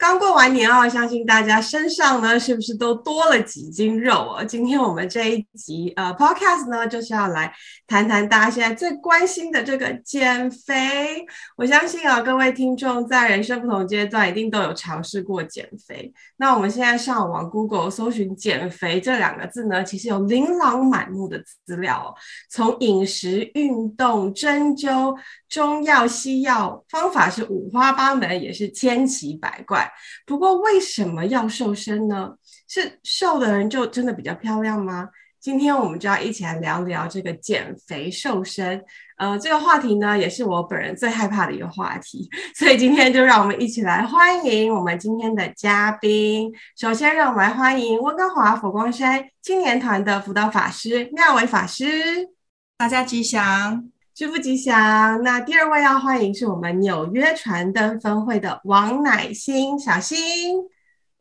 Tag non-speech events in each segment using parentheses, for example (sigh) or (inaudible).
剛過完年哦，啊，相信大家身上呢是不是都多了幾斤肉哦，啊？今天我們這一集呃 Podcast 呢就是要來談談大家現在最關心的這個減肥。我相信啊，各位聽眾在人生不同階段一定都有嘗試過減肥。那我們現在上網 Google 搜尋“減肥”這兩個字呢，其實有琳琅滿目的資料哦，從飲食、運動、針灸。中藥、西藥方法是五花八門，也是千奇百怪。不過，為什麼要瘦身呢？是瘦的人就真的比較漂亮嗎？今天我們就要一起來聊聊這個減肥瘦身。呃，這個話題呢，也是我本人最害怕的一個話題。所以今天就讓我們一起來歡迎我們今天的嘉賓。首先，讓我們來歡迎溫哥華佛光山青年團的輔導法師、妙維法師，大家吉祥。祝福吉祥。那第二位要歡迎是我們紐約傳燈分會的王乃馨，小新。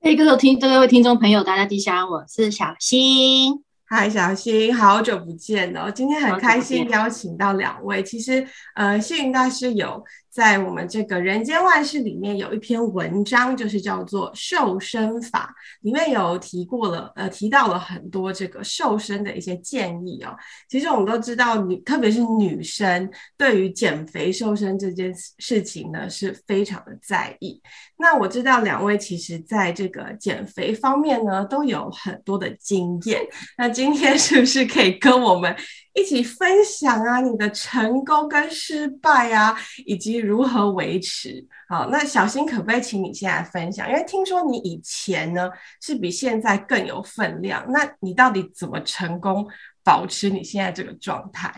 哎，各位聽，各位聽眾朋友，大家吉祥，我是小新。嗨，小新，好久不見哦！今天很開心邀請到兩位。其實，呃，星雲大師有，在我們這個《人間萬事》裡面有一篇文章，就是叫做《瘦身法》，裡面有提過了，呃，提到了很多這個瘦身的一些建議哦。其實我們都知道，女特別是女生對於減肥瘦身這件事事情呢，是非常的在意。那我知道兩位其實在這個減肥方面呢，都有很多的經驗。那今天是不是可以跟我們一起分享啊，你的成功跟失敗啊，以及如何維持。好，那小新可不可以請你先來分享？因為聽說你以前呢是比現在更有分量，那你到底怎麼成功保持你現在這個狀態？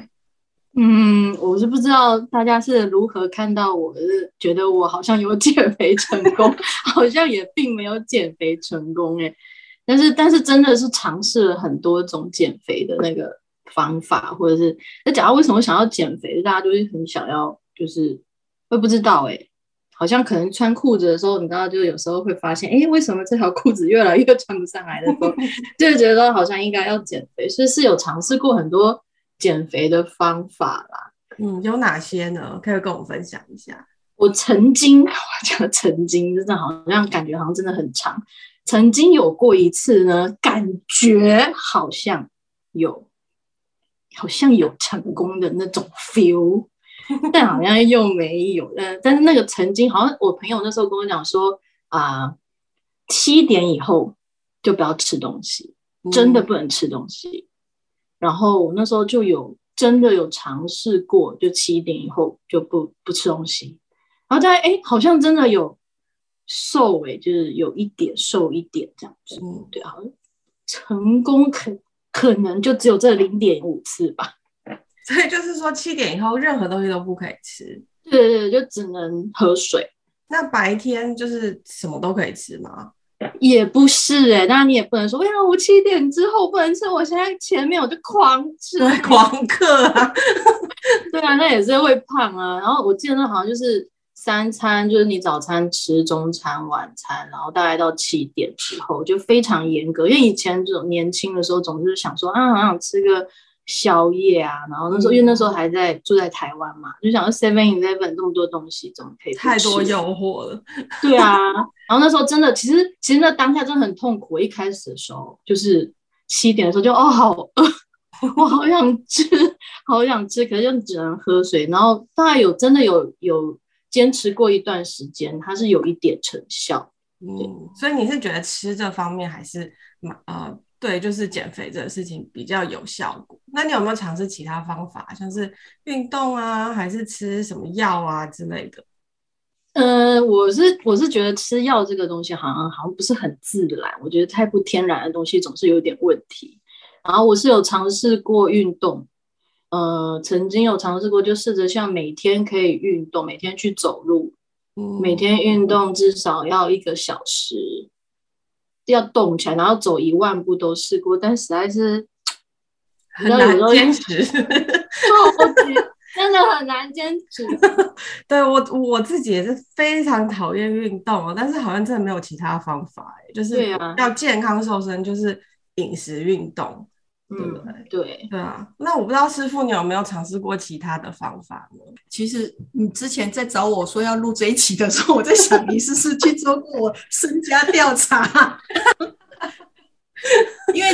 嗯，我是不知道大家是如何看到我，就是覺得我好像有減肥成功， (laughs) 好像也並沒有減肥成功哎。但是，但是真的是嘗試了很多種減肥的那個。方法，或者是那假如為什麼想要減肥，大家都是很想要，就是會不知道哎、欸，好像可能穿褲子的時候，你剛剛就有時候會發現，哎、欸，為什麼這條褲子越來越穿不上來的時候， (laughs) 就覺得好像應該要減肥，所以是有嘗試過很多減肥的方法啦。嗯，有哪些呢？可以跟我分享一下？我曾經，我講曾經，真的好像感覺好像真的很長，曾經有過一次呢，感覺好像有。好像有成功的那種 feel，但好像又沒有。但是那個曾經好像我朋友那時候跟我講說啊，呃，七點以後就不要吃東西，真的不能吃東西。嗯、然後我那時候就有真的有嘗試過，就七點以後就不不吃東西。然後再哎、欸，好像真的有瘦哎、欸，就是有一點瘦一點這樣子。嗯，對，好像成功肯。可能就只有這零點五次吧，所以就是說七點以後任何東西都不可以吃，對對對，就只能喝水。那白天就是什麼都可以吃嗎？也不是哎、欸，那你也不能說，為什麼我七點之後不能吃？我現在前面我就狂吃，對狂嗑啊， (laughs) 對啊，那也是會胖啊。然後我記得好像就是。三餐就是你早餐吃，中餐、晚餐，然後大概到七點之後就非常嚴格，因為以前這種年輕的時候總是想說啊、嗯，好想吃個宵夜啊，然後那時候、嗯、因為那時候還在住在台灣嘛，就想要 Seven Eleven 那麼多東西怎麼可以，太多誘惑了？對啊，然後那時候真的，其實其實那當下真的很痛苦。一開始的時候就是七點的時候就哦好餓、呃，我好想吃，好想吃，可是就只能喝水。然後大概有真的有有。堅持過一段時間，它是有一點成效。嗯，所以你是覺得吃這方面還是蠻、呃……對，就是減肥這個事情比較有效果。那你有沒有嘗試其他方法，像是運動啊，還是吃什麼藥啊之類的？嗯、呃，我是我是覺得吃藥這個東西好像好像不是很自然，我覺得太不天然的東西總是有點問題。然後我是有嘗試過運動。呃，曾經有嘗試過，就試着像每天可以運動，每天去走路，嗯，每天運動至少要一個小時，要動起來，然後走一萬步都試過，但實在是很難堅持，真的很難堅持。 (laughs) 對，我我自己也是非常討厭運動，但是好像真的沒有其他方法哎，就是要健康瘦身就是飲食運動。對對、嗯、對啊！對，那我不知道師父，你有沒有嘗試過其他的方法呢？其實你之前在找我說要錄這一期的時候，我在想你是不是去做過我身家調查， (laughs) (laughs) 因為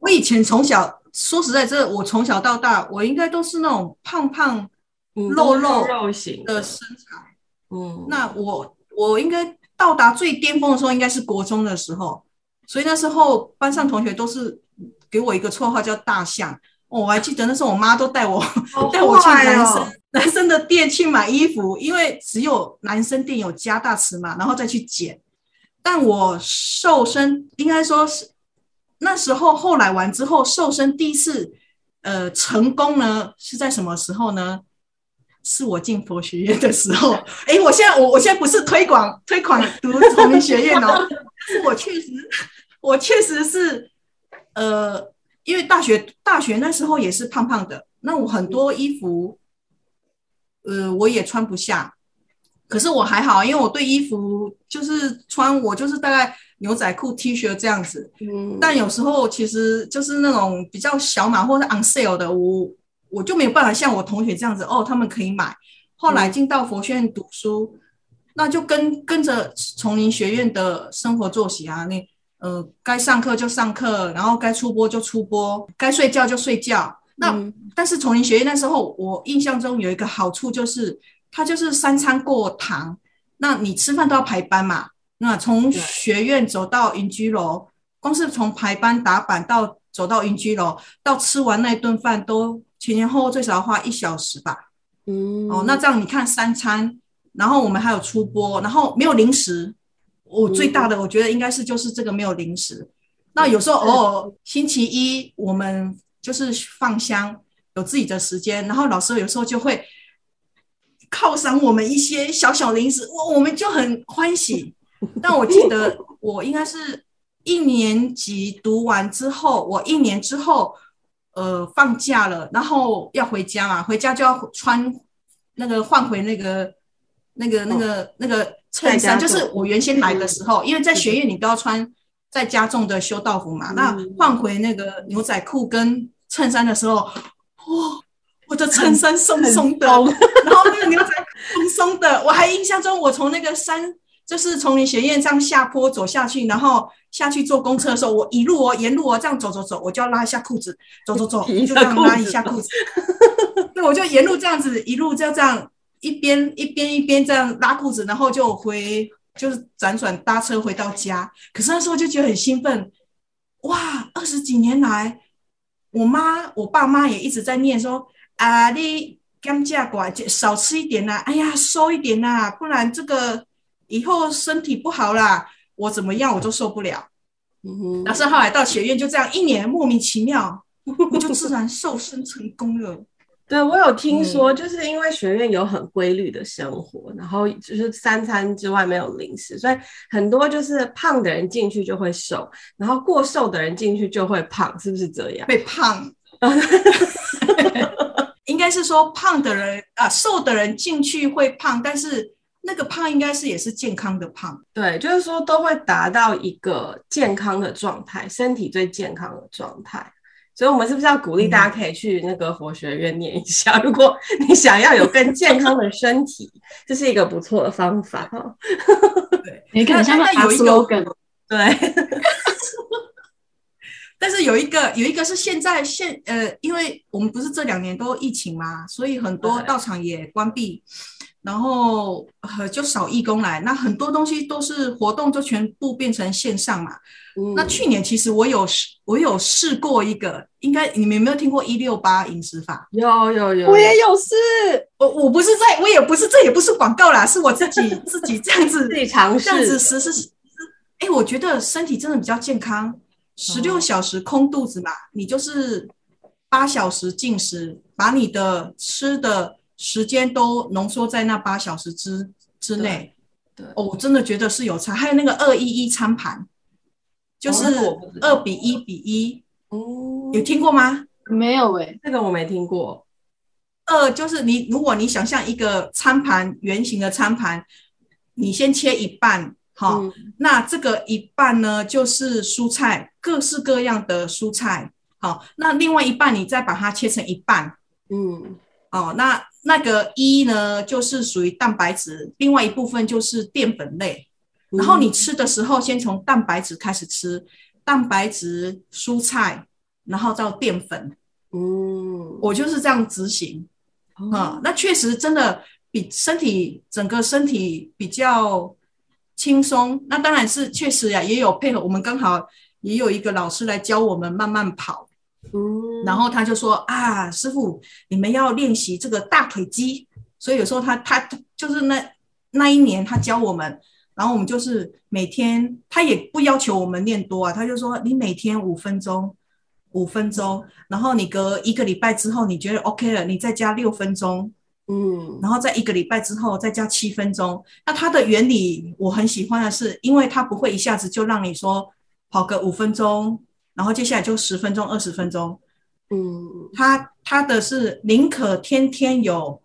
我以前從小說實在這我從小到大我應該都是那種胖胖、嗯、肉肉、肉型的、的身材，嗯，那我我應該到達最巔峰的時候應該是國中的時候，所以那時候班上同學都是。給我一個綽號叫大象、哦，我還記得，那時候我媽都帶我帶、哦、 (laughs) 我去男生、哦、男生的店去買衣服，因為只有男生店有加大尺碼，然後再去減。但我瘦身應該說是那時候後來完之後，瘦身第一次呃成功呢是在什麼時候呢？是我進佛學院的時候。哎， (laughs) 我現在我我現在不是推廣推廣讀佛學院哦， (laughs) 是我確實我確實是。呃，因為大學大學那時候也是胖胖的，那我很多衣服，嗯、呃，我也穿不下。可是我還好，因為我對衣服就是穿，我就是大概牛仔褲、T 恤這樣子。嗯、但有時候其實就是那種比較小碼或者 on sale 的，我我就沒有辦法像我同學這樣子哦，他們可以買。後來進到佛學院讀書，嗯、那就跟跟着叢林學院的生活作息啊那。呃，該上課就上課，然後該出坡就出坡，該睡覺就睡覺。那、嗯、但是叢林學院那時候，我印象中有一個好處就是，它就是三餐過堂。那你吃飯都要排班嘛？那從學院走到雲居樓，對光是從排班打板到走到雲居樓，到吃完那一頓飯，都前前後後最少要花一小時吧？嗯，哦，那這樣你看三餐，然後我們還有出坡，然後沒有零食。我、哦、最大的，我覺得應該是就是這個沒有零食。那有時候偶爾星期一我們就是放香，有自己的時間，然後老師有時候就會犒賞我們一些小小零食，我我們就很歡喜。但我記得我應該是一年級讀完之後，我一年之後，呃，放假了，然後要回家嘛，回家就要穿那個，換回那個那個那個那個。那個那個那個襯衫就是我原先來的時候，因為在學院你都要穿再加重的修道服嘛。嗯、那換回那個牛仔褲跟襯衫的時候，哇，我的襯衫鬆鬆的，哦，然後那個牛仔鬆鬆的。我還印象中，我從那個山，就是從你學院上下坡走下去，然後下去坐公車的時候，我一路哦，沿路哦這樣走走走，我就要拉一下褲子，走走走，就這樣拉一下褲子。那我就沿路這樣子一路就這樣。一邊一邊一邊這樣拉褲子，然後就回，就是輾轉搭車回到家。可是那時候就覺得很興奮，哇！二十幾年來，我媽、我爸媽也一直在念說：“啊，你甘架拐就少吃一點啦、啊，哎呀，瘦一點啦、啊，不然這個以後身體不好啦，我怎麼樣我都受不了。”嗯哼。然後後來到學院，就這樣一年，莫名其妙，我就自然瘦身成功了。 (laughs) 對，我有聽說，就是因為學院有很規律的生活，嗯、然後就是三餐之外沒有零食，所以很多就是胖的人進去就會瘦，然後過瘦的人進去就會胖，是不是這樣？被胖？ (laughs) (laughs) 應該是說胖的人啊、呃，瘦的人進去會胖，但是那個胖應該是也是健康的胖。對，就是說都會達到一個健康的狀態，身體最健康的狀態。所以，我們是不是要鼓勵大家可以去那個佛學院念一下？嗯、如果你想要有更健， (laughs) 健康的身體，這是一個不錯的方法。 (laughs) 對，你看 (laughs) 現在有一個，對， (laughs) (laughs) 但是有一個，有一個是現在現呃，因為我們不是這兩年都疫情嘛，所以很多道場也關閉。Okay. 然後呵就少義工來，那很多東西都是活動，就全部變成線上嘛。嗯、那去年其實我有試，我有試過一個，應該你們有沒有聽過“一六八飲食法”？有有有，有有我也有試。我我不是在，我也不是，這也不是廣告啦，是我自己 (laughs) 自己這樣子自己嘗試，這樣子實施。哎、欸，我覺得身體真的比較健康，十六小時空肚子嘛，哦、你就是八小時進食，把你的吃的，時間都濃縮在那八小時之之內，對，哦，我真的覺得是有差。還有那個二一一餐盤，就是二比一比一，哦，嗯、有聽過嗎？沒有誒、欸，這個我沒聽過。二就是你，如果你想象一個餐盤，圓形的餐盤，你先切一半，好、哦，嗯、那這個一半呢就是蔬菜，各式各樣的蔬菜，好、哦，那另外一半你再把它切成一半，嗯，哦，那。那個一呢，就是屬於蛋白質，另外一部分就是澱粉類。然後你吃的時候，先從蛋白質開始吃，蛋白質、蔬菜，然後到澱粉。哦，我就是這樣執行。啊，那確實真的比身體整個身體比較輕鬆。那當然是確實呀，啊，也有配合。我們剛好也有一個老師來教我們慢慢跑。嗯，然後他就說啊，師父，你們要練習這個大腿肌，所以有時候他他就是那那一年他教我們，然後我們就是每天他也不要求我們練多啊，他就說你每天五分鐘，五分鐘，然後你隔一個禮拜之後你覺得 OK 了，你再加六分鐘，嗯，然後再一個禮拜之後再加七分鐘。那他的原理我很喜歡的是，因為他不會一下子就讓你說跑個五分鐘。然後接下來就十分鐘、二十分鐘，嗯，他他的是寧可天天有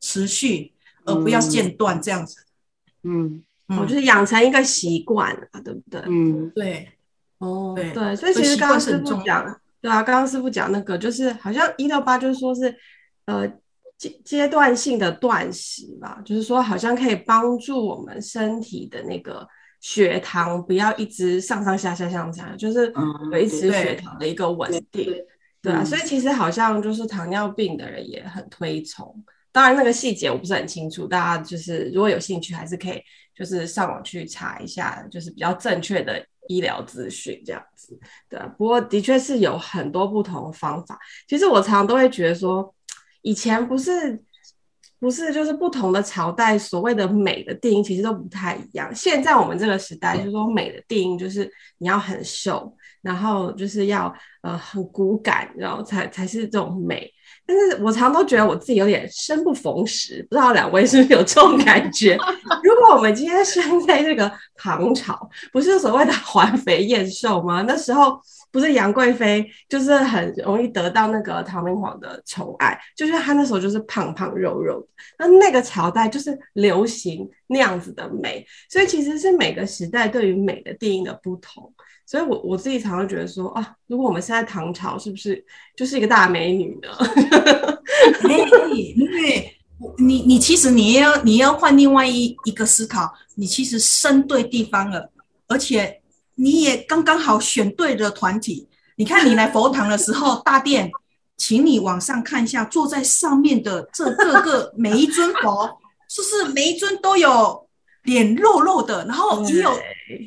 持續，而不要間斷、嗯、這樣子，嗯，我就是養成一個習慣、啊，對不對？嗯，對，對哦，對，所以其實剛剛師傅講，這習慣很重要，對啊，剛剛師傅講那個就是好像一到八就是說是，呃階階段性的斷食吧，就是說好像可以幫助我們身體的那個。血糖不要一直上上下下上，就是維持血糖的一個穩定，對啊，嗯，所以其實好像就是糖尿病的人也很推崇，當然那個細節我不是很清楚，大家就是如果有興趣還是可以就是上網去查一下，就是比較正確的醫療資訊這樣子，對啊，不過的確是有很多不同的方法，其實我常常都會覺得說，以前不是。不是，就是不同的朝代，所謂的美的定義其實都不太一樣。現在我們這個時代，就是說美的定義就是你要很瘦，然後就是要呃很骨感，然後才才是這種美。但是我常都覺得我自己有點生不逢時，不知道兩位是不是有這種感覺？如果我們今天生在這個唐朝，不是所謂的“環肥燕瘦”嗎？那時候。不是楊貴妃，就是很容易得到那個唐明皇的寵愛。就是她那時候就是胖胖肉肉，那那個朝代就是流行那樣子的美，所以其實是每個時代對於美的定義的不同。所以我我自己常常覺得說啊，如果我們現在唐朝是不是就是一個大美女呢？哎、 (laughs) 欸，因、欸、為你你其實你要你要換另外一一個思考，你其實生對地方了，而且。你也剛剛好選對了團體。你看你來佛堂的時候， (laughs) 大殿，請你往上看一下，坐在上面的這各個每一尊佛， (laughs) 是不是每一尊都有臉肉肉的，然後也有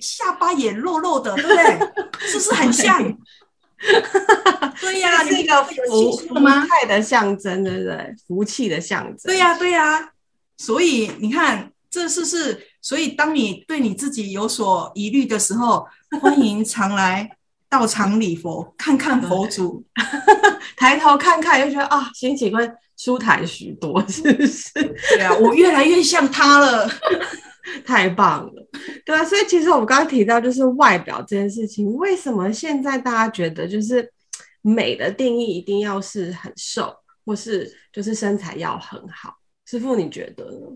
下巴也肉肉的，對不對？是不 (laughs) 是很像？ (laughs) 對呀，這、 (laughs) 啊、個福服害的象徵，對不對？福氣的象徵。對呀、啊，對呀、啊。所以你看，這是是。所以，當你對你自己有所疑慮的時候，歡迎常來道場禮佛，看看佛祖， (laughs) 抬頭看看，又覺得啊，心情會舒坦許多，是不是？對啊， (laughs) 我越來越像他了， (laughs) 太棒了，對啊。所以，其實我們剛剛提到就是外表這件事情，為什麼現在大家覺得就是美的定義一定要是很瘦，或是就是身材要很好？師父，你覺得呢？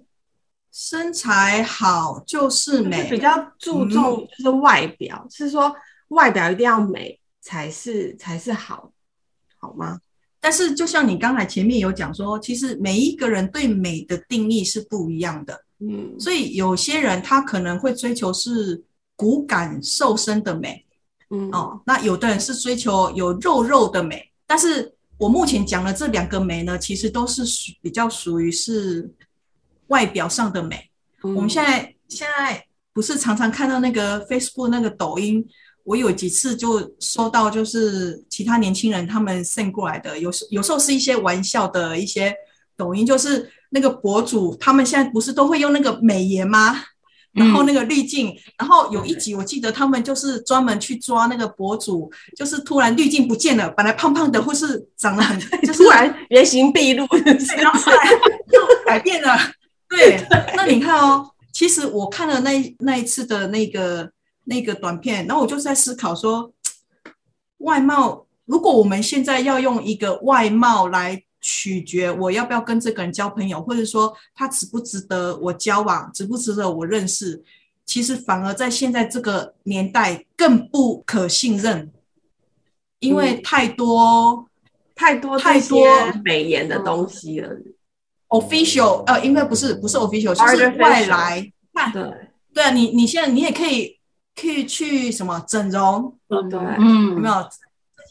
身材好就是美，是比較注重就是外表，嗯、是說外表一定要美才是才是好，好嗎？但是就像你剛才前面有講說，其實每一個人對美的定義是不一樣的，嗯，所以有些人他可能會追求是骨感瘦身的美，嗯哦，那有的人是追求有肉肉的美，但是我目前講的這兩個美呢，其實都是屬比較屬於是。外表上的美，嗯、我們現在現在不是常常看到那個 Facebook 那個抖音，我有幾次就收到，就是其他年輕人他們 send 過來的，有時有時候是一些玩笑的一些抖音，就是那個博主他們現在不是都會用那個美顏嗎？嗯、然後那個濾鏡，然後有一集我記得他們就是專門去抓那個博主，就是突然濾鏡不見了，本來胖胖的或是長得很，欸就是、突然原形畢露，這 (laughs) 又改變了。那你看哦，其實我看了那那一次的那個那個短片，然後我就在思考說，外貌，如果我們現在要用一個外貌來取決我要不要跟這個人交朋友，或者說他值不值得我交往，值不值得我認識，其實反而在現在這個年代更不可信任，因為太多，嗯，太多太多美顏的東西了。嗯 Official 呃，應該不是不是 official，就是外來看對，對啊，你你現在你也可以去去什麼整容。對嗯，對有沒有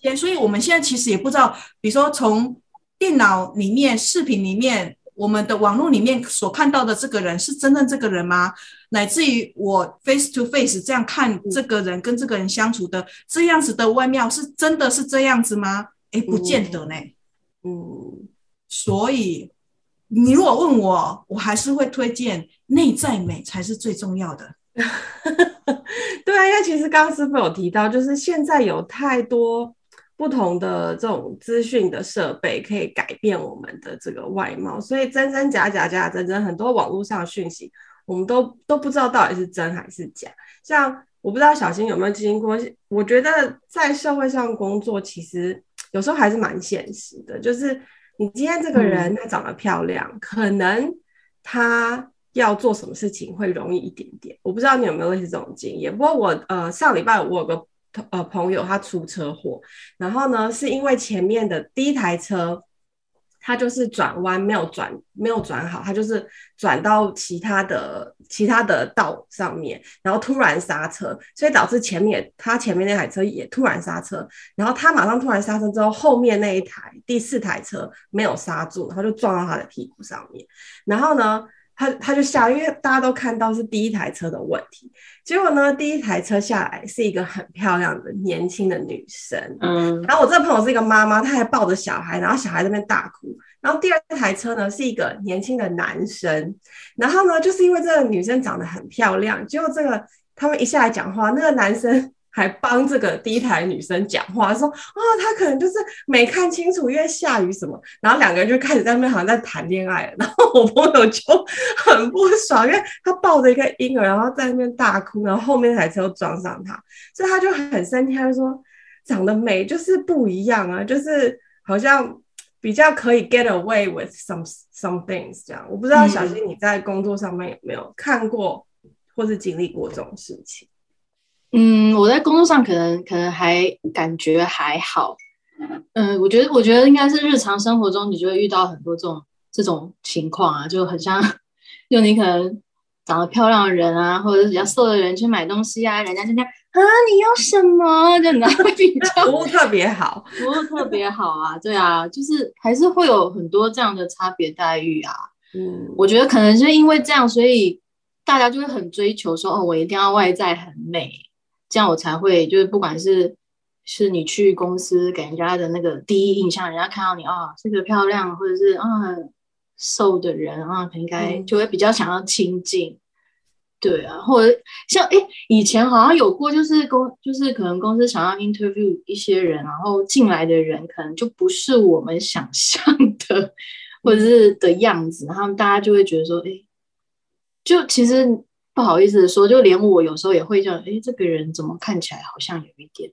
這些？所以，我們現在其實也不知道，比如說從電腦裡面、視頻裡面、我們的網絡裡面所看到的這個人是真正這個人嗎？乃至於我 face to face 這樣看這個人，嗯、跟這個人相處的這樣子的外貌是真的是這樣子嗎？誒，不見得呢。嗯，嗯，所以。你如果問我，我還是會推薦內在美才是最重要的。 (laughs) 對啊，因為其實剛剛師父有提到，就是現在有太多不同的這種資訊的設備可以改變我們的這個外貌，所以真真假假，假真真，很多網絡上訊息，我們都都不知道到底是真還是假。像我不知道小新有沒有經營過，我覺得在社會上工作，其實有時候還是蠻現實的，就是，你今天這個人，她長得漂亮，嗯、可能她要做什麼事情會容易一點點。我不知道你有沒有類似這種經驗？不過我呃上禮拜我有個呃朋友他出車禍，然後呢是因為前面的第一台車。他就是轉彎沒有轉沒有轉好，他就是轉到其他的其他的道上面，然後突然剎車，所以導致前面他前面那台車也突然剎車，然後他馬上突然剎車之後，後面那一台第四台車沒有剎住，他就撞到他的屁股上面，然後呢，他他就下，因為大家都看到是第一台車的問題。結果呢，第一台車下來是一個很漂亮的年輕的女生，嗯，然後我這個朋友是一個媽媽，她還抱着小孩，然後小孩在那邊大哭。然後第二台車呢是一個年輕的男生，然後呢就是因為這個女生長得很漂亮，結果這個他們一下來講話，那個男生。還幫這個第一台女生講話說，說、哦、啊，她可能就是沒看清楚，因為下雨什麼，然後兩個人就開始在那邊好像在談戀愛，然後我朋友就很不爽，因為她抱着一個嬰兒，然後在那邊大哭，然後後面那台車又撞上她。所以她就很生氣，她就說長得美就是不一樣啊，就是好像比較可以 get away with some some things 這樣，我不知道小新你在工作上面有沒有看過或是經歷過這種事情？嗯，我在工作上可能可能還感覺還好。嗯，我覺得我覺得應該是日常生活中你就會遇到很多這種這種情況啊，就很像，就你可能長得漂亮的人啊，或者比較瘦的人去買東西啊，人家就這樣。啊，你要什麼？人家比較服務 (laughs) 特別好，服務特別好啊，對啊，就是還是會有很多這樣的差別待遇啊。嗯，我覺得可能是因為這樣，所以大家就會很追求說，哦，我一定要外在很美。這樣我才會，就是不管是是你去公司給人家的那個第一印象，人家看到你啊，是個漂亮或者是啊瘦的人啊，應該就會比較想要親近。嗯、對啊，或者像哎、欸，以前好像有過，就是公就是可能公司想要 interview 一些人，然後進來的人可能就不是我們想象的或者是的樣子，然後大家就會覺得說，哎、欸，就其實。不好意思說，就連我有時候也會這樣。哎、欸，這個人怎麼看起來好像有一點，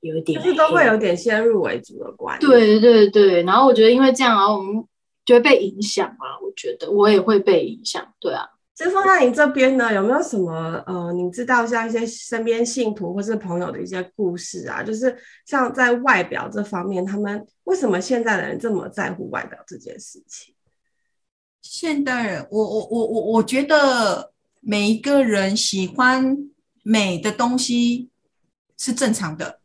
有一點，就是都會有點先入為主的觀念。對對對，然後我覺得，因為這樣啊，我們就會被影響嘛、啊。我覺得我也會被影響。對啊。其實，放在你這邊呢，有沒有什麼呃，你知道像一些身邊信徒或是朋友的一些故事啊？就是像在外表這方面，他們為什麼現在的人這麼在乎外表這件事情？現代人，我我我我我覺得。每一個人喜歡美的東西是正常的，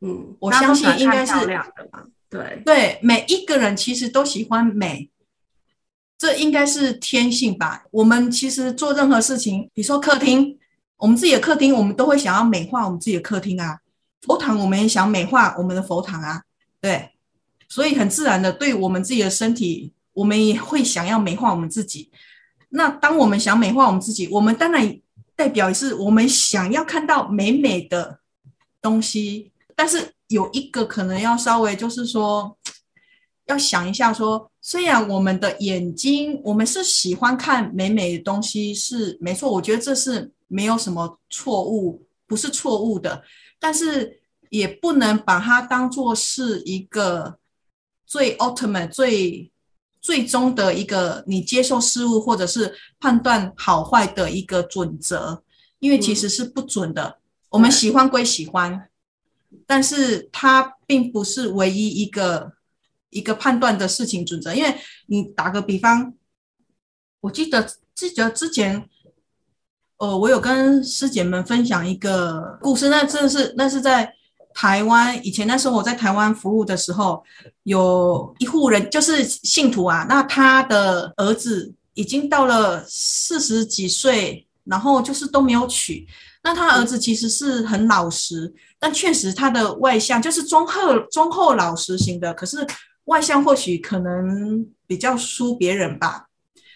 嗯，我相信應該是、嗯、漂亮的嘛，對對，每一個人其實都喜歡美，這應該是天性吧。我們其實做任何事情，比如說客廳，對我們自己的客廳，我們都會想要美化我們自己的客廳啊。佛堂，我們也想美化我們的佛堂啊，對，所以很自然的，對我們自己的身體，我們也會想要美化我們自己。那當我們想美化我們自己，我們當然代表是我們想要看到美美的東西。但是有一個可能要稍微就是說，要想一下說，雖然我們的眼睛，我們是喜歡看美美的東西，是沒錯。我覺得這是沒有什麼錯誤，不是錯誤的，但是也不能把它當做是一個最 ultimate 最。最終的一個你接受事物或者是判斷好壞的一個準則，因為其實是不準的。我們喜歡歸喜歡，但是它並不是唯一一個一個判斷的事情準則。因為你打個比方，我記得記得之前，呃，我有跟師姐們分享一個故事，那真的是那是在。台灣以前那時候我在台灣服務的時候，有一戶人就是信徒啊，那他的兒子已經到了四十幾歲，然後就是都沒有娶。那他的兒子其實是很老實，嗯、但確實他的外相就是忠厚、忠厚老實型的。可是外相或許可能比較輸別人吧。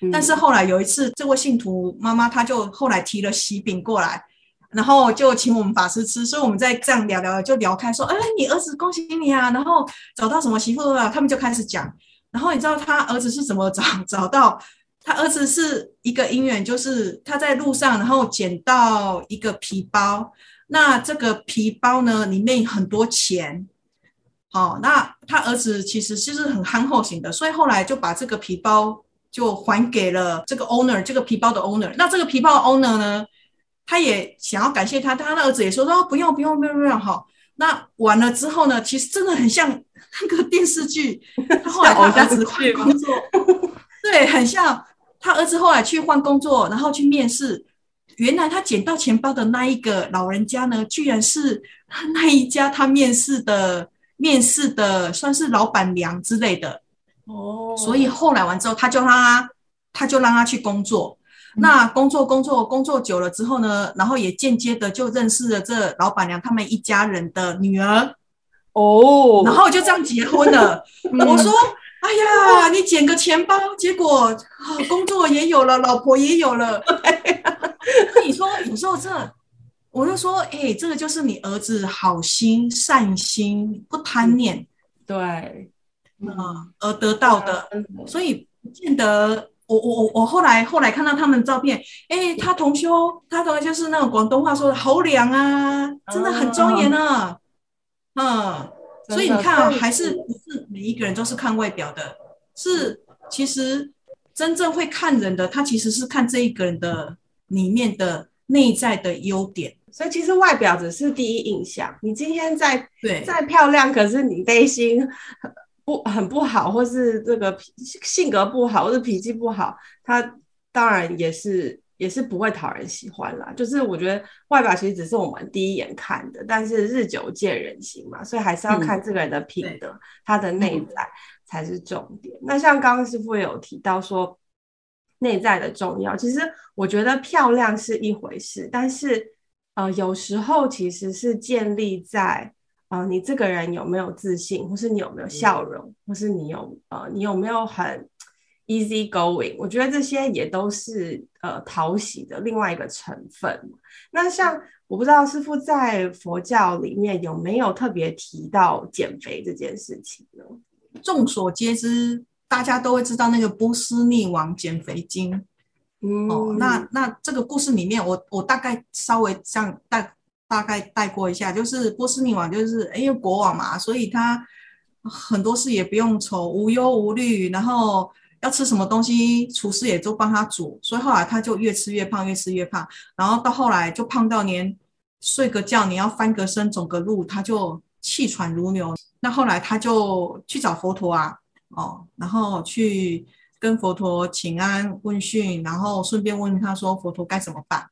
嗯、但是後來有一次，這位信徒媽媽她就後來提了喜餅過來。然後就請我們法師吃，所以我們在這樣聊聊，就聊開說：“哎，你兒子恭喜你啊！”然後找到什麼媳婦啊？他們就開始講。然後你知道他兒子是怎麼找找到？他兒子是一個姻緣，就是他在路上，然後撿到一個皮包。那這個皮包呢，裡面很多錢。好、哦，那他兒子其實是很憨厚型的，所以後來就把這個皮包就還給了這個 owner，這個皮包的 owner。那這個皮包的 owner 呢？他也想要感謝他，他的兒子也說：“說不用不用，不用不用。好，那完了之後呢，其實真的很像那個電視劇。他 (laughs) 後來他兒子換工作， (laughs) 對，很像他兒子後來去換工作，然後去面試。原來他撿到錢包的那一個老人家呢，居然是他那一家他面試的面試的，的算是老闆娘之類的。哦，oh. 所以後來完之後，他就讓他，他就讓他去工作。那工作，工作工作工作久了之後呢，然後也間接的就認識了這老闆娘他們一家人的女兒哦，然後就這樣結婚了。我說：“哎呀，你撿個錢包，結果工作也有了，老婆也有了。”你說有時候這，我就說：“哎，這個就是你兒子好心善心不貪念，對，嗯，而得到的，所以不見得。”我我我我後來後來看到他們的照片，欸，他同修，他同修是那種廣東話說的“好靚啊，真的很莊嚴啊，哦、嗯，的所以你看啊，多還是不是每一個人都是看外表的？是其實真正會看人的，他其實是看這一個人的裡面的內在的優點。所以其實外表只是第一印象。你今天再對再漂亮，可是你內心。 (laughs) 不，很不好，或是這個性格不好，或是脾氣不好，他當然也是也是不會討人喜歡啦。就是我覺得外表其實只是我們第一眼看的，但是日久見人心嘛，所以還是要看這個人的品德，嗯、他的內在才、嗯、才是重點。那像剛剛師父也有提到說內在的重要，其實我覺得漂亮是一回事，但是呃有時候其實是建立在。啊、呃，你這個人有沒有自信，或是你有沒有笑容，嗯、或是你有呃，你有沒有很 easy going？我覺得這些也都是呃討喜的另外一個成分。那像我不知道師父在佛教裡面有沒有特別提到減肥這件事情呢？眾所皆知，大家都會知道那個波斯匿王減肥經。嗯、哦，那那這個故事裡面我，我我大概稍微像大。大概帶過一下，就是波斯匿王，就是、欸、因為國王嘛，所以他很多事也不用愁，無憂無慮。然後要吃什麼東西，廚師也都幫他煮。所以後來他就越吃越胖，越吃越胖。然後到後來就胖到連睡個覺，你要翻個身、走個路，他就氣喘如牛。那後來他就去找佛陀啊，哦，然後去跟佛陀請安問訊，然後順便問他說，佛陀該怎麼辦？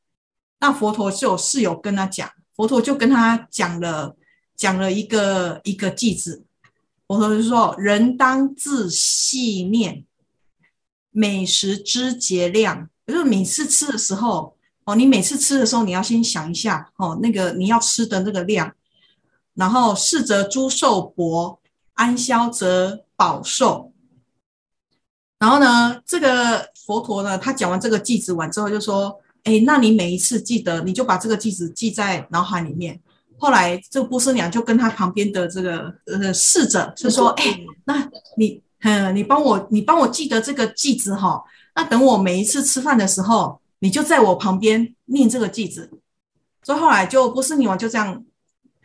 那佛陀是有是有跟他講。佛陀就跟他講了，講了一個一個偈子。佛陀就說：“人當自繫念，每食知節量，就是每次吃的時候，哦，你每次吃的時候，你要先想一下，哦，那個你要吃的那個量。然後是則諸受薄，安消則保壽。然後呢，這個佛陀呢，他講完這個偈子完之後，就說。”誒，那你每一次記得，你就把這個偈子記在腦海裡面。後來，這個波斯匿王就跟她旁邊的這個呃侍者就說，誒，那你嗯，你幫我，你幫我記得這個偈子哈、哦。那等我每一次吃飯的時候，你就在我旁邊念這個偈子。所以後來就，就波斯匿王就這樣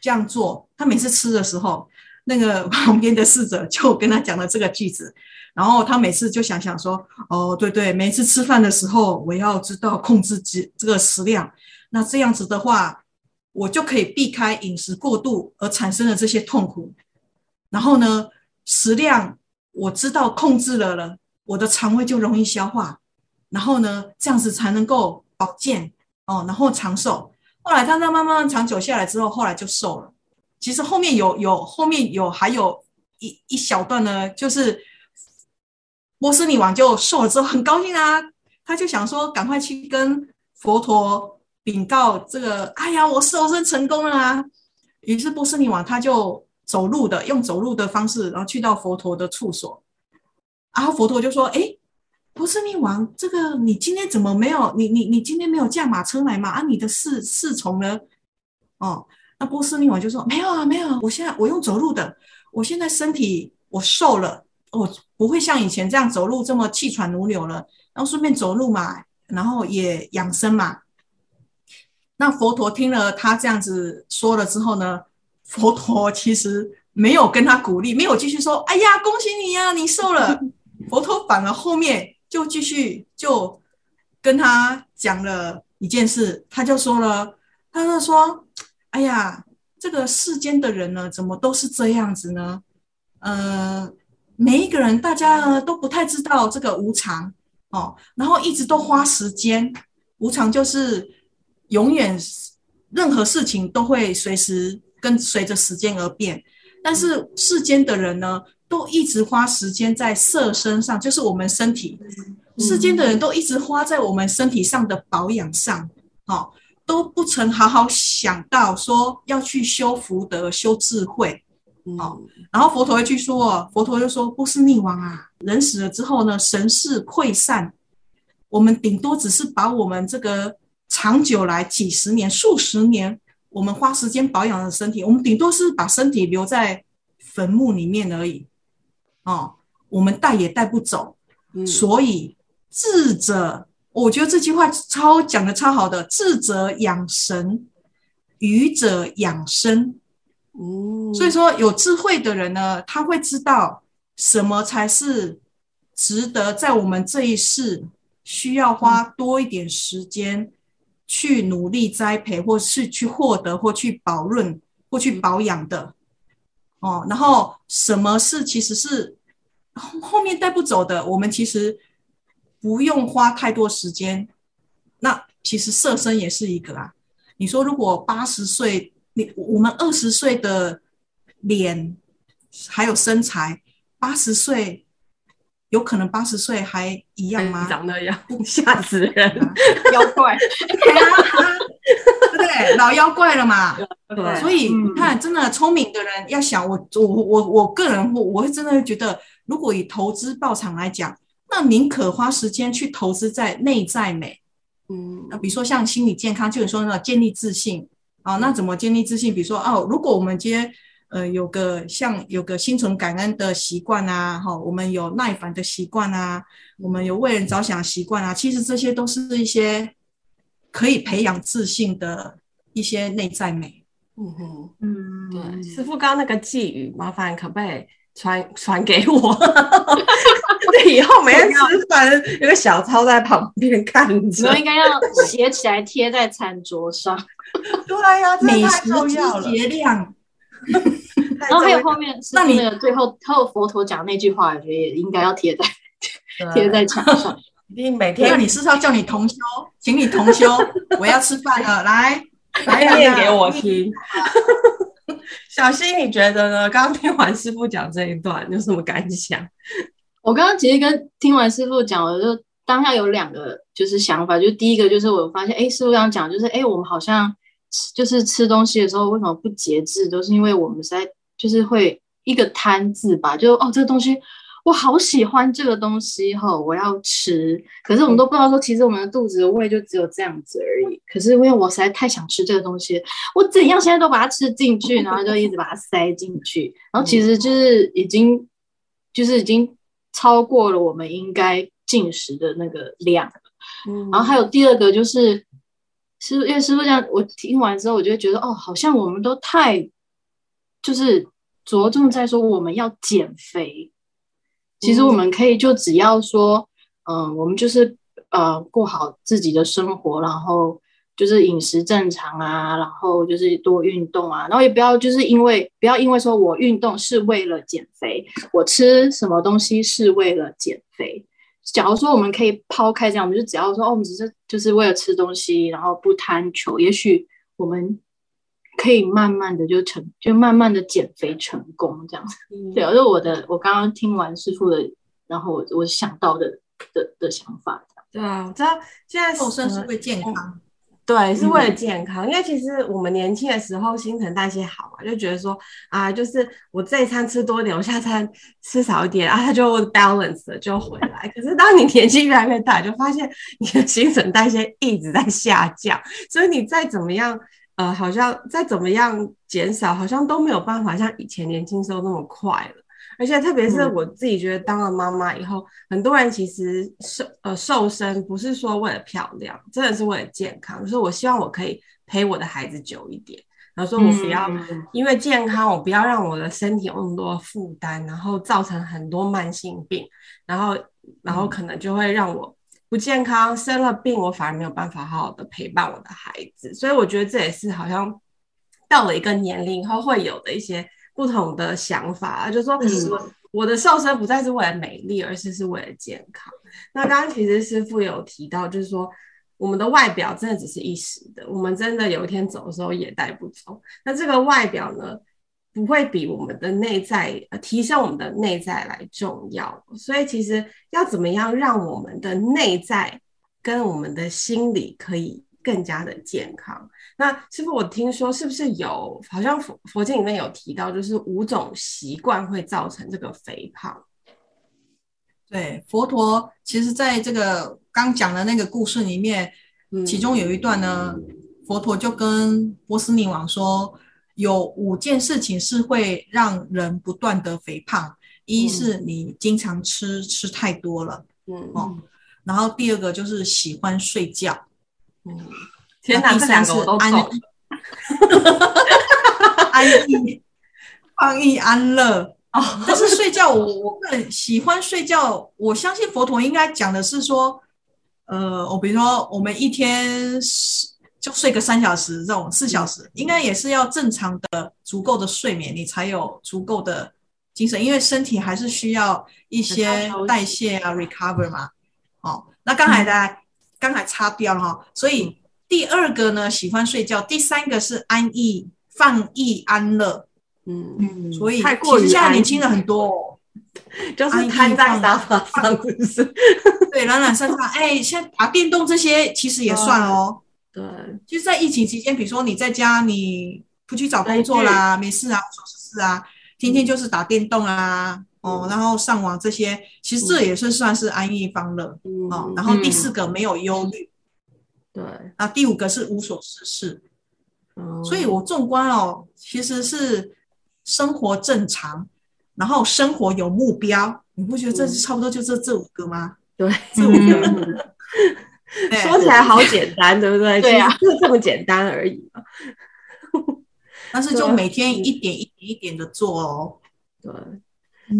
這樣做，她每次吃的時候。那個旁邊的侍者就跟他講了這個句子，然後他每次就想想說：“哦，對對，每次吃飯的時候，我要知道控制這這個食量。那這樣子的話，我就可以避開飲食過度而產生的這些痛苦。然後呢，食量我知道控制了了，我的腸胃就容易消化。然後呢，這樣子才能夠保健哦，然後長壽。後來他再慢慢長久下來之後，後來就瘦了。”其實後面有有後面有還有一一小段呢，就是波斯匿王就瘦了之後很高興啊，他就想說趕快去跟佛陀稟告這個，哎呀，我瘦身成功了啊！於是波斯匿王他就走路的，用走路的方式，然後去到佛陀的處所。然後佛陀就說：“哎，波斯匿王，這個你今天怎麼沒有你你你今天沒有駕馬車來嗎？啊，你的侍侍從呢？哦。”那波斯匿王就說：“沒有啊，沒有、啊。我現在我用走路的，我現在身體我瘦了，我不會像以前這樣走路這麼氣喘如牛了。然後順便走路嘛，然後也養生嘛。”那佛陀聽了他這樣子說了之後呢，佛陀其實沒有跟他鼓勵，沒有繼續說：“哎呀，恭喜你呀、啊，你瘦了。” (laughs) 佛陀反而後面就繼續就跟他講了一件事，他就說了，他就說。哎呀，這個世間的人呢，怎麼都是這樣子呢？呃，每一個人大家都不太知道這個無常哦，然後一直都花時間。無常就是永遠任何事情都會隨時跟隨着時間而變，但是世間的人呢，都一直花時間在色身上，就是我們身體。世間的人都一直花在我們身體上的保養上，哦。都不曾好好想到說要去修福德，修智慧，哦，嗯、然後佛陀又去說，佛陀就說：“不是溺亡啊，人死了之後呢，神識潰散，我們頂多只是把我們這個長久來幾十年，數十年，我們花時間保養的身體，我們頂多是把身體留在墳墓裡面而已，哦，我們帶也帶不走。嗯、所以智者。”我覺得這句話超講得超好的，智者養神，愚者養生。哦，所以說有智慧的人呢，他會知道什麼才是值得在我們這一世需要花多一點時間去努力栽培，或是去獲得，或去保潤，或去保養的。哦，然後什麼是其實是後面帶不走的，我們其實。不用花太多時間，那其實色身也是一個啊。你說，如果八十歲，你我們二十歲的臉還有身材，八十歲有可能八十歲還一樣嗎？長得一樣，嚇死人！妖怪，對，老妖怪了嘛。所以你看，真的聰明的人要想我，我我我個人，我我真的覺得，如果以投資報酬來講。那寧可花時間去投資在內在美，嗯，那比如說像心理健康，就是說呢，建立自信啊，那怎麼建立自信？比如說哦，如果我們今天呃有個像有個心存感恩的習慣啊，哈、哦，我們有耐煩的習慣啊，我們有為人着想的習慣啊，嗯、其實這些都是一些可以培養自信的一些內在美。嗯哼，嗯，對、嗯，嗯、師父剛剛那個寄語，麻煩可不可以？傳傳給我，對，以後每天吃飯有個小抄在旁邊看着，應該要寫起來貼在餐桌上。對呀，美食節量。然後還有後面，那那個最後，還有佛陀講那句話，我覺得也應該要貼在貼在牆上。一定每天，你是要叫你同修，請你同修，我要吃飯了，來來念給我聽。小新，你覺得呢？剛剛聽完師傅講這一段，有什麼感想？我剛剛其實跟聽完師傅講的時候，我就當下有兩個就是想法，就第一個就是我發現，哎，師傅剛剛講，就是哎，我們好像就是吃東西的時候為什麼不節制，都是因為我們實在就是會一個貪字吧，就哦，這個東西。我好喜歡這個東西哦，我要吃。可是我們都不知道說，其實我們的肚子的胃就只有這樣子而已。可是因為我實在太想吃這個東西，我怎樣現在都把它吃進去，然後就一直把它塞進去。然後其實就是已經，就是已經超過了我們應該進食的那個量了。然後還有第二個就是師父，因為師父這樣我聽完之後，我就覺得哦，好像我們都太就是着重在說我們要減肥。其實我們可以就只要說，嗯、呃，我們就是呃過好自己的生活，然後就是飲食正常啊，然後就是多運動啊，然後也不要就是因為不要因為說我運動是為了減肥，我吃什麼東西是為了減肥。假如說我們可以拋開這樣，我們就只要說哦，我們只是就是為了吃東西，然後不貪求。也許我們。可以慢慢的就成，就慢慢的減肥成功這樣子。嗯、對、啊，就是我的，我剛剛聽完師傅的，然後我我想到的的的想法。對啊，我現在瘦身、哦、是為了健康、嗯。對，是為了健康，嗯、因為其實我們年輕的時候新陳代謝好嘛，就覺得說啊，就是我這一餐吃多點，我下餐吃少一點然後、啊、它就會 balance 了就回來。 (laughs) 可是當你年紀越來越大，就發現你的新陳代謝一直在下降，所以你再怎麼樣。呃，好像再怎麼樣減少，好像都沒有辦法像以前年輕時候那麼快了。而且特別是我自己覺得，當了媽媽以後，嗯、很多人其實瘦呃瘦身不是說為了漂亮，真的是為了健康。所以我希望我可以陪我的孩子久一點，然後說我不要嗯嗯因為健康，我不要讓我的身體有那麼多負擔，然後造成很多慢性病，然後然後可能就會讓我。不健康，生了病，我反而沒有辦法好好的陪伴我的孩子，所以我覺得這也是好像到了一個年齡以後會有的一些不同的想法，就是說，我、嗯、我的瘦身不再是為了美麗，而是是為了健康。那剛剛其實師父有提到，就是說我們的外表真的只是一時的，我們真的有一天走的時候也帶不走。那這個外表呢，不會比我們的內在、呃，提升我們的內在來重要。所以其實要怎麼樣讓我們的內在跟我們的心理可以更加的健康？那是不是我聽說是不是有，好像佛佛經裡面有提到，就是五種習慣會造成這個肥胖？對，佛陀其實在這個剛講的那個故事裡面，其中有一段呢，嗯、佛陀就跟波斯匿王說。有五件事情是會讓人不斷的肥胖，一是你經常吃、嗯、吃太多了，嗯哦，然後第二個就是喜歡睡覺，嗯，天哪，這兩個我都夠， (laughs) (laughs) 安逸，安逸安樂啊，哦、但是睡覺， (laughs) 我我個人喜歡睡覺，我相信佛陀應該講的是說，呃，我比如說我們一天就睡個三小時這種四小時，嗯、應該也是要正常的、足夠的睡眠，你才有足夠的精神。因為身體還是需要一些代謝啊，recover 嘛。哦，那剛才的、嗯、剛才擦掉了哈。所以第二個呢，喜歡睡覺；第三個是安逸、放逸、安樂。嗯嗯，所以太過，其實現在年輕人很多，哦，就是貪佔的，上是是對，懶懶 (laughs) 散散。哎，像打電動這些，其實也算哦。哦對，其實，在疫情期間，比如說你在家，你不去找工作啦，沒事啊，無所事事啊，天天就是打電動啊，嗯、哦，然後上網這些，其實這也是算是安逸方樂、嗯哦、然後第四個沒有憂慮、嗯，對、啊，第五個是無所事事。嗯、所以我縱觀哦，其實是生活正常，然後生活有目標，你不覺得這是差不多就這這五個嗎？對，這五個。 (noise) 啊、說起來好簡單，對不對？對呀、啊，就這麼簡單而已嘛。 (laughs) 但是就每天一點一點一點的做哦。 (noise) 對。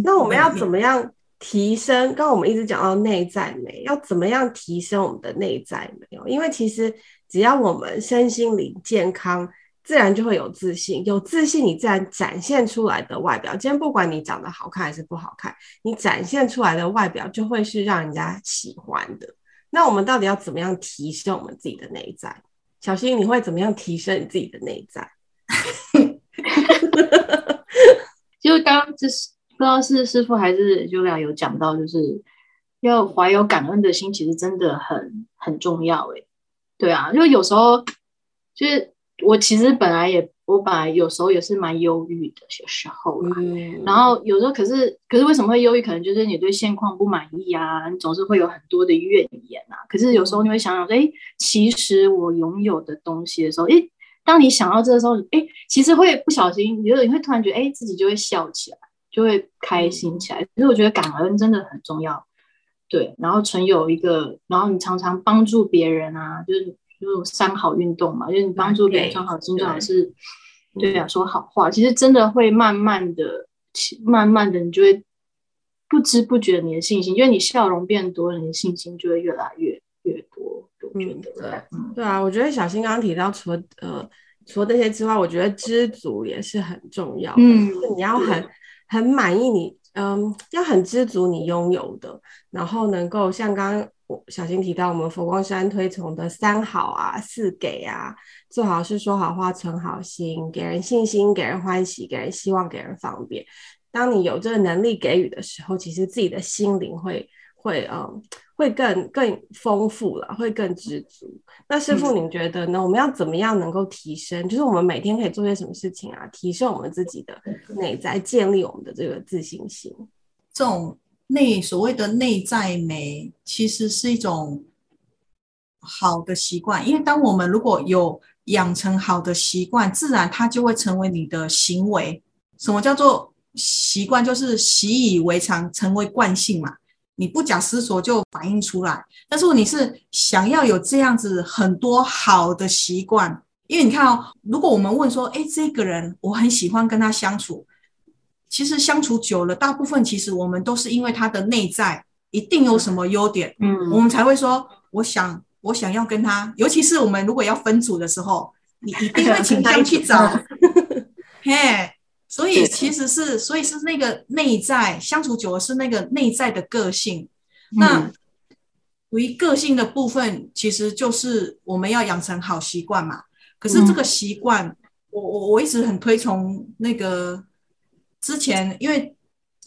那我們要怎麼樣提升？剛剛我們一直講到內在美，要怎麼樣提升我們的內在美哦？因為其實只要我們身心靈健康，自然就會有自信。有自信，你自然展現出來的外表，今天不管你長得好看還是不好看，你展現出來的外表就會是讓人家喜歡的。那我們到底要怎麼樣提升我們自己的內在？小新，你會怎麼樣提升你自己的內在？哈哈哈哈哈！剛剛就是不知道是師傅還是 Julia 有講到，就是要懷有感恩的心，其實真的很很重要。哎，對啊，因為有時候就是我其實本來也。我吧，有時候也是蠻憂鬱的，有時候，嗯、然後有時候，可是可是為什麼會憂鬱？可能就是你對現況不滿意啊，你總是會有很多的怨言。啊。可是有時候你會想想說，哎、欸，其實我擁有的東西的時候，哎、欸，當你想到這個時候，哎、欸，其實會不小心，有時候你會突然覺得，哎、欸，自己就會笑起來，就會開心起來。其實、嗯、我覺得感恩真的很重要，對，然後存有一個，然後你常常幫助別人啊，就是。就三好運動嘛，因為你幫助別人好，精神還是，對呀，說好話，其實真的會慢慢的、慢慢的，你就會不知不覺你的信心，因為你笑容變多了，你的信心就會越來越越多。我覺得，對，對啊，我覺得小新剛剛提到除，除了呃，除了這些之外，我覺得知足也是很重要。嗯，你要很、嗯、很滿意你，嗯、呃，要很知足你擁有的，然後能夠像剛。小心提到，我們佛光山推崇的三好啊、四給啊，做好事、說好話、存好心，給人信心、給人歡喜、給人希望、給人方便。當你有這個能力給予的時候，其實自己的心靈會會嗯會更更豐富了，會更知足。那師父，您覺得呢？我們要怎麼樣能夠提升？就是我們每天可以做些什麼事情啊，提升我們自己的內在，建立我們的這個自信心。這種。內，所謂的內在美，其實是一種好的習慣。因為當我們如果有養成好的習慣，自然它就會成為你的行為。什麼叫做習慣？就是習以為常，成為慣性嘛。你不假思索就反應出來。但是你是想要有這樣子很多好的習慣，因為你看哦，如果我們問說，誒，這個人我很喜歡跟他相處。其實相處久了，大部分其實我們都是因為他的內在一定有什麼優點，嗯、我們才會說，我想我想要跟他，尤其是我們如果要分組的時候，你一定會請他去找，嘿， (laughs) (laughs) hey, 所以其實是所以是那個內在對相處久了是那個內在的個性，那、嗯、屬於個性的部分其實就是我們要養成好習慣嘛。可是這個習慣，嗯、我我我一直很推崇那個。之前因為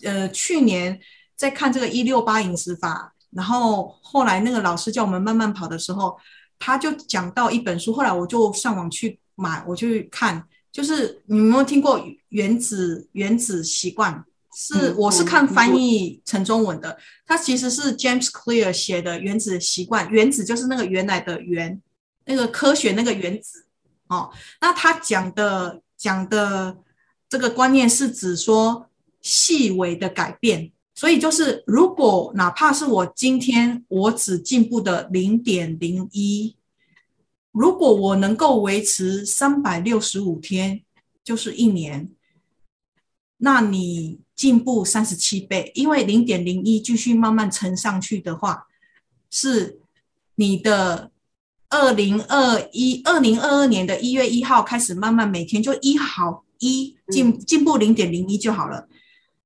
呃去年在看這個一六八飲食法，然後後來那個老師叫我們慢慢跑的時候，他就講到一本書，後來我就上網去買，我去看，就是你有沒有聽過《原子原子習慣》？是、嗯、我是看翻譯成中文的，嗯嗯、它其實是 James Clear 寫的《原子習慣》，原子就是那個原來的原，那個科學那個原子哦。那他講的講的。這個觀念是指說細微的改變，所以就是如果哪怕是我今天我只進步的零點零一，如果我能夠維持三百六十五天，就是一年，那你進步三十七倍，因為零點零一繼續慢慢乘上去的話，是你的二零二一、二零二二年的一月一號開始，慢慢每天就一毫。一進進步零點零一就好了。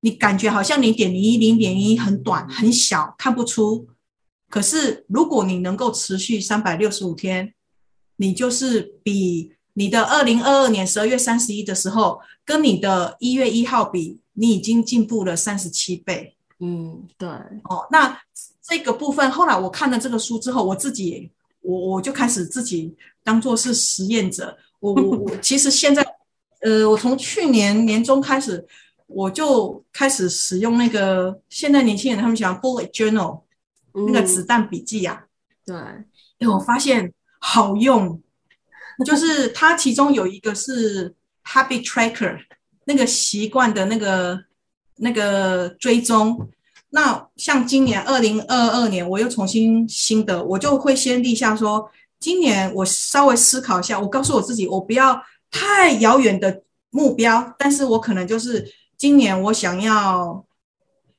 你感覺好像零點零一、零點一很短、很小，看不出。可是如果你能夠持續三百六十五天，你就是比你的二零二二年十二月三十一的時候跟你的一月一號比，你已經進步了三十七倍。嗯，對。哦，那這個部分後來我看了這個書之後，我自己我我就開始自己當做是實驗者我。我我我其實現在。 (laughs) 呃，我從去年年終開始，我就開始使用那個現在年輕人他們喜歡 bullet journal，、嗯、那個子彈筆記呀、啊。對，為、欸、我發現好用，就是它其中有一個是 habit tracker，那個習慣的那個那個追蹤。那像今年二零二二年，我又重新新的，我就會先立下說，今年我稍微思考一下，我告訴我自己，我不要。太遙遠的目標，但是我可能就是今年我想要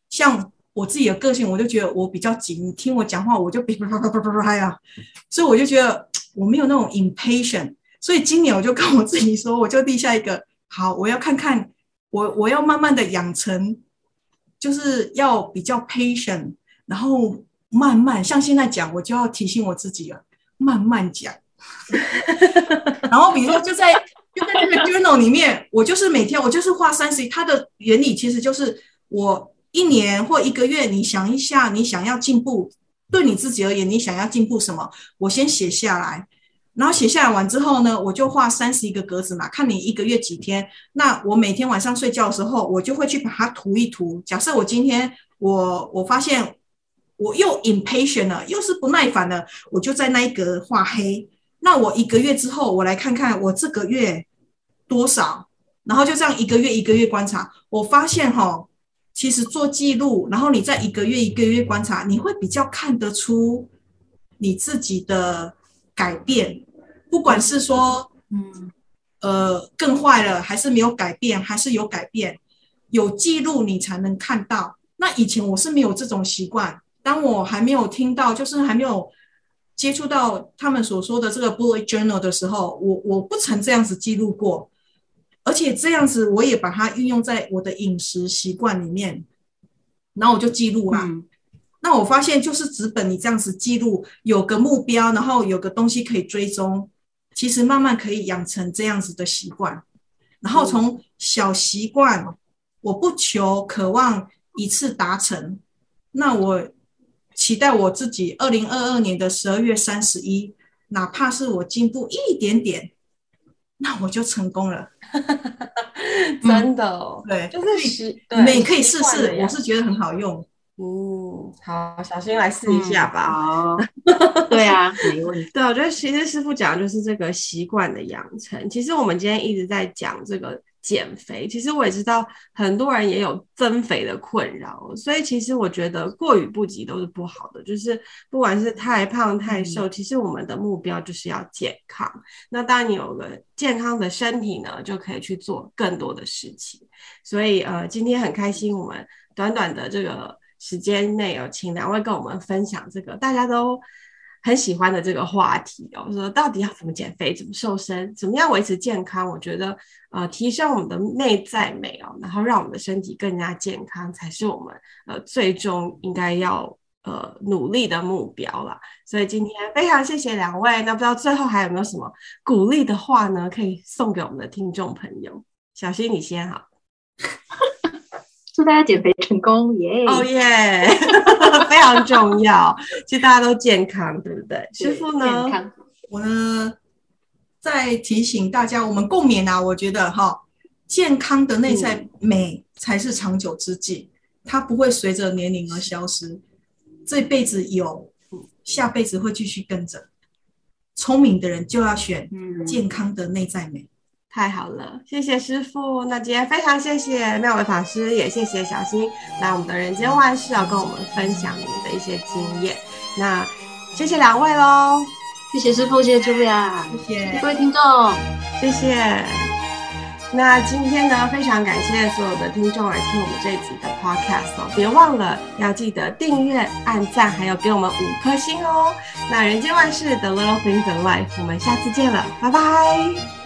像我自己的個性，我就覺得我比較緊，你聽我講話，我就啪叭叭叭叭啊， (laughs) 所以我就覺得我沒有那種 impatient，所以今年我就跟我自己說，我就立下一個好，我要看看我我要慢慢的養成，就是要比較 patient，然後慢慢像現在講，我就要提醒我自己了，慢慢講。 (laughs) (laughs) 然後，比如說就在就在這個 journal 裡面，我就是每天我就是畫三十一個，它的原理其實就是我一年或一個月，你想一下，你想要進步，對你自己而言，你想要進步什麼？我先寫下來，然後寫下來完之後呢，我就畫三十一個格子嘛。看你一個月幾天，那我每天晚上睡覺的時候，我就會去把它塗一塗。假設我今天我我發現我又 impatient 了，又是不耐煩了，我就在那一格畫黑。那我一個月之後，我來看看我這個月多少，然後就這樣一個月一個月觀察。我發現齁，其實做記錄，然後你在一個月一個月觀察，你會比較看得出你自己的改變，不管是說嗯呃更壞了，還是沒有改變，還是有改變，有記錄你才能看到。那以前我是沒有這種習慣，當我還沒有聽到，就是還沒有。接觸到他們所說的這個 Bullet Journal 的時候，我我不曾這樣子記錄過，而且這樣子我也把它運用在我的飲食習慣裡面，然後我就記錄啦。嗯，那我發現就是紙本，你這樣子記錄，有個目標，然後有個東西可以追蹤，其實慢慢可以養成這樣子的習慣，然後從小習慣，我不求渴望一次達成，那我。期待我自己二零二二年的十二月三十一，哪怕是我進步一點點，那我就成功了。 (laughs) 真的、哦嗯，對，就是你，你可以試試，我是覺得很好用。哦、嗯。好，小心來試一下吧。嗯、好 (laughs) 對啊，沒問題。對，我覺得其實師父講的就是這個習慣的養成。其實我們今天一直在講這個。減肥，其實我也知道很多人也有增肥的困擾，所以其實我覺得過與不及都是不好的，就是不管是太胖太瘦，其實我們的目標就是要健康。嗯、那當你有個健康的身體呢，就可以去做更多的事情。所以呃，今天很開心，我們短短的這個時間內有、哦、請兩位跟我們分享這個，大家都。很喜歡的這個話題哦，說到底要怎麼減肥、怎麼瘦身、怎麼樣維持健康？我覺得，呃，提升我們的內在美哦，然後讓我們的身體更加健康，才是我們呃最終應該要呃努力的目標啦，所以今天非常謝謝兩位，那不知道最後還有沒有什麼鼓勵的話呢，可以送給我們的聽眾朋友？小新，你先好。 (laughs) 祝大家減肥成功！耶哦耶，非常重要。 (laughs) 其實大家都健康，對不對？對師父呢？健康。我呢，在提醒大家，我們共勉啊！我覺得哈、哦，健康的內在美才是長久之計，嗯、它不會隨着年齡而消失。這輩子有，下輩子會繼續跟着。聰明的人就要選健康的內在美。嗯太好了，謝謝師父。那今天非常謝謝妙維法師，也謝謝小新來我們的《人間萬事》啊，要跟我們分享你們的一些經驗。那謝謝兩位嘍，謝謝師父，謝謝諸位啊，謝謝各位聽眾，謝謝，謝謝。那今天呢，非常感謝所有的聽眾來聽我們這一集的 Podcast 哦，別忘了要記得訂閱、按讚，還有給我們五顆星哦。那《人間萬事》The Little Things in Life，我們下次見了，拜拜。